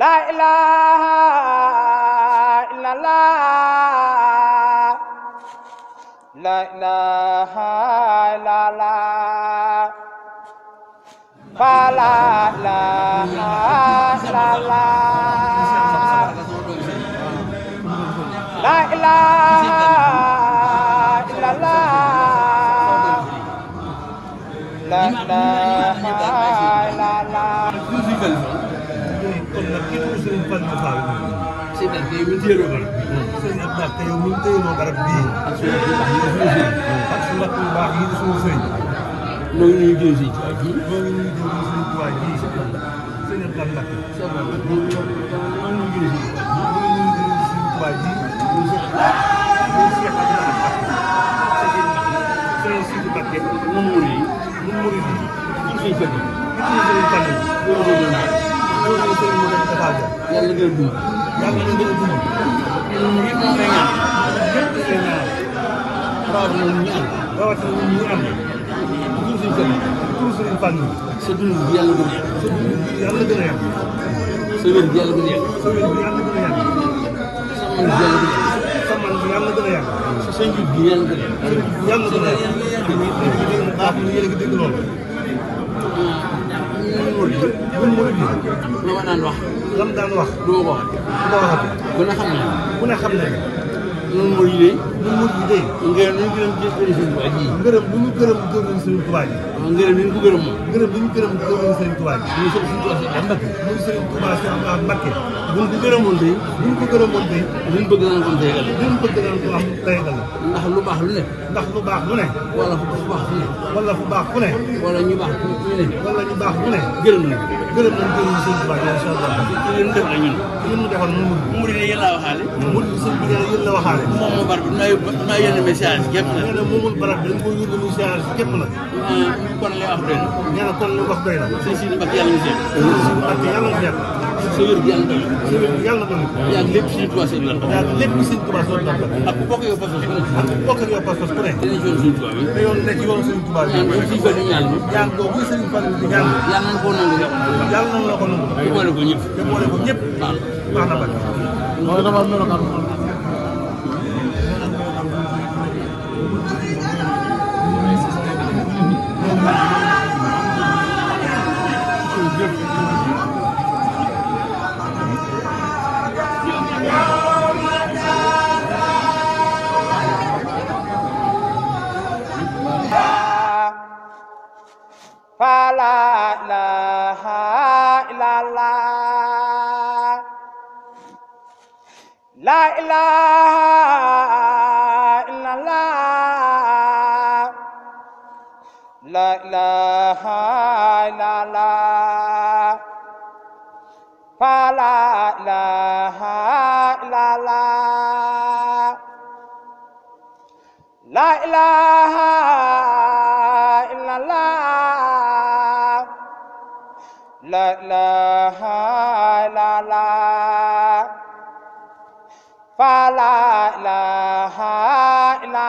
laa ilaaha illallah laa kon nag ki dugg Serigne Fallou Fall si nag day mi téeloo garab bi sëñ ab dax te yow mi téeloo garab bii ak suñu ak su mbokk yu baax yi di suñu sëñ noo ngi nuyu jëw si tuwaay ji noo ngi nuyu jëw si sëñ tuwaay ji sëñ ab dax lakk noo ngi nuyu jëw si sëñ tuwaay ji Mourid yi Mourid yi barke Serigne Modou Moussa Fall Dia yàlla gën a dund yàlla gën a dund ñun ñëpp moom lay ñaan ñëpp lay ñaan rawatina ñu am rawatina ñu am pour suñu kër pour suñu famille sa dund bi yàlla gën a yàgg sa dund bi yàlla gën a yàgg sa wér bi yàlla gën a yàgg sa wér bi yàlla gën a yàgg sa man bi yàlla gën a yàgg sa man bi yàlla gën a yàgg sa njub bi yàlla gën a yàgg sa njub bi yàlla gën a yàgg woon dëgg bu mu mën a déglu. ma daan wax. lam daan wax. du ma ko waxati. du ma ko waxati. ku ne xam ne. ku ne xam ne. noonu mooy muur bi de. ngërëm li ñu gërëm jëfandikoo seen tubaab yi. ngërëm li ñu gërëm gërëm seen tubaab yi. waaw ah, ngërëm li ñu ko gërëm moom. ngërëm li ñu gërëm gërëm seen tubaab yi. muy seen tubaab si ak Mbacke. muy seen tubaab si ak Mbacke. bu ñu ko gërëmoon tey. bu ñu ko gërëmoon tey. li ñu bëgg naan kon tey gal. li ñu bëgg naan ko am tey gal. ndax lu baax lu ne. ndax lu baax lu ne. wala fu baax fu ne. wala fu baax fu ne. wala ñu baax fu ne. wala ñu baax fu ne. gërëm nañ gërëm nañ gërëm seen tubaab yi incha allah. li ñu def la ñun. li ñu defoon mu mu. mu mu yéen laa waxaale. mu mu sëñ bi yéen la waxaale. moom moo bar bi mën naa yónnee ba siyaare si képp nag. nee na moomul barab dañ ko yóbbu muy siyaare si képp nag. Ah, kon li am doy na. nee na kon li wax doy na. sëñ si mbak yàlla ñu seet. sëñ mbak yàlla ñu seet. sa wér gi yàlla doy na. sa wér gi yàlla doy na. yaa ngi lépp suñu tubaab seen lan. yaa ngi lépp suñu tubaab seen lan. ak ku bokk yow pas-pas ku nekk. ak ku bokk yow pas-pas ku nekk. dinañ yoon suñu tubaab yi. te yoon nekk yoon suñu tubaab ah, yi. ñaan suñu bëri ñaan bi. ñaan boobu sëriñ Fall di ñaan. yàlla nañ ko nangu yow. yàlla nañ la ko nangu. te boole ko ñëpp. te boole ko ñëpp. waaw waaw na ba. loolu dama melokaan laa ilaaha illallah laa ilaaha illallah faa laa ilaaha illallah laa ilaaha illallah laa ilaaha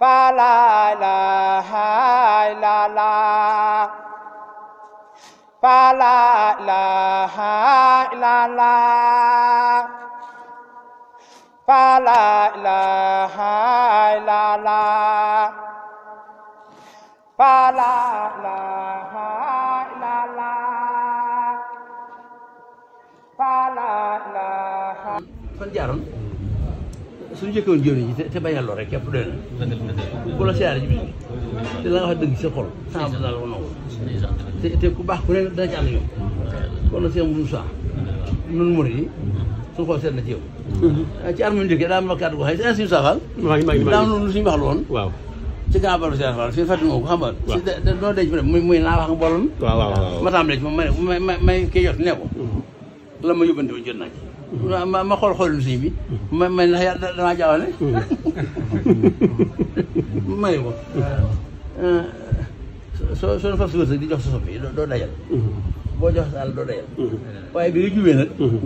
فلا إله إلا الله فلا إله إلا الله فلا إله إلا الله فلا إله إلا الله فلا إله kon jaaroon suñu jëkkoon jëriñ ji te bañ a lor rek képp doy na ku la siyaare nga wax dëgg sa xol saabu daal ko nangu te te baax ku ne dana ci ànd ñoom kon na seen mudum saa nun murid yi suñu xool seet na ci yow mhm. ci armam njëkkee daa ma kàddu ko xëy si suñu saafal lu suñu wax loon waaw ci gaa balu si Fall fii Fatou Ndiobo xam nga. noo denc ma ne muy muy naa wax ak mbooloo ma tàmbalee ci moom may may kii jot mhm. la ma yóbbante woon jot naa ma ma xool xoolum sëñ bi ma ma ndax yàlla damaa jaawale ma ne ko so so fab si wërsëg di jox sa soppi doo dajal boo jox sa àll doo dajal waaye bi nga jubee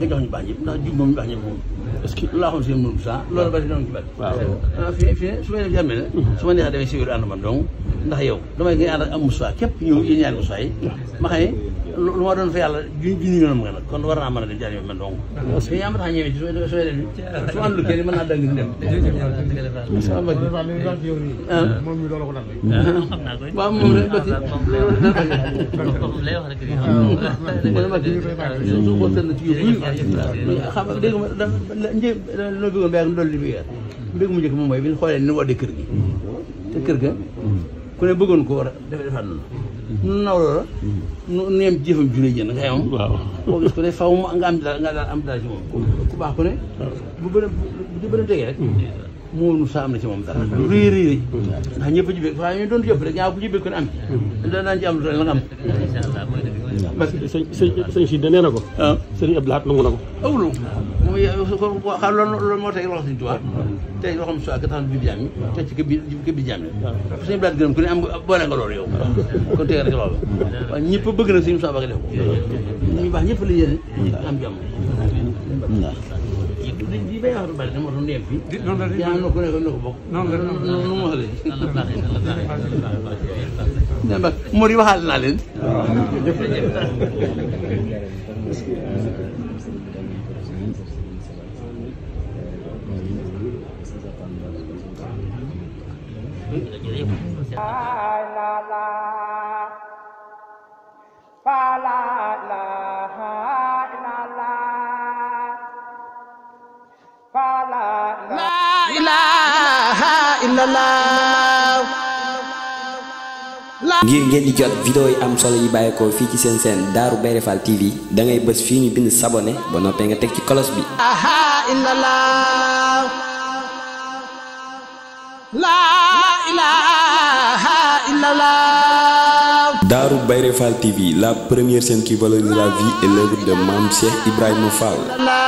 nag nga jox ñu baax ñëpp ndax jub moom ñu baax ñëpp moom est-ce que laa xam seen mënum saa loolu ba si doon ci bari waaw ah, fii fii su may def jàmmee nag su ma neexee damay siwir ànd man dong ndax yow damay ngay ànd ak am musaa képp ñëw yéen ñaari yi ma xam lu ma doon fa yàlla junni junni yoonam nga nag kon war naa mën a dem ci àll man donc mais yaa ma tax ñëwee ci soo soo dem su àndul kenn mën naa dëng dem moom mi loolu ko lan ah. waaw moom rek bëgg lay wax rek su ko tënn ci yóbbu xam nga dégg ma njëg loo bëggoon bàyyi mu dolli li bi mbég mu njëkk moom mooy bi ñu xoolee ni nu waddee kër gi mm. te kër ga ku ne bëggoon ko war a defe defaat noonu nu nawloo la nu yem jëfam jure jën nga yemam waaw boo gis ko ne faw mu nga am dara am dara ci moom mm. ku baax ko ne bu bërëb bu bërëb tegee rek mm. moonu sax am na ci moom dara lu mm. rëy rëy rëy ndax ñëpp a jubee doon jëf rek ñaa ko jubee ko ne am ci da am lu la nga parce que sëñ sëñ si da nee na ko ah. sëñ Abdou Lahad nangu na ko awlu loolu moo teg loxo Sëñ Tuubaa tey loxo Sëñ Tuubaa ka taxoon biir jaam yi teg ci kër bi kër bi jaam yi suñu blaat gërëm ku ne am boole nga loolu yow kon teg rek loolu waaye ñëpp bëgg na suñu Tuubaa def ko ñu baax ñëpp la yéene am jàmm di bay wax lu bari dama doon dem fii yaa na ko ne ko ne ko bokk nu mu waxale dama mor yi waxaale naa leen ngir ngeen di jot vidéo yi am solo yi bàyyeekoo fii ci seen seen Darou Bairé Fall TV da ngay bës fii ñu bind sabonné ba noppee nga teg ci kolos bi. Darou Bayrefal TV, la première scène qui valorise la vie et l'œuvre de Mam Cheikh Ibrahim Fall.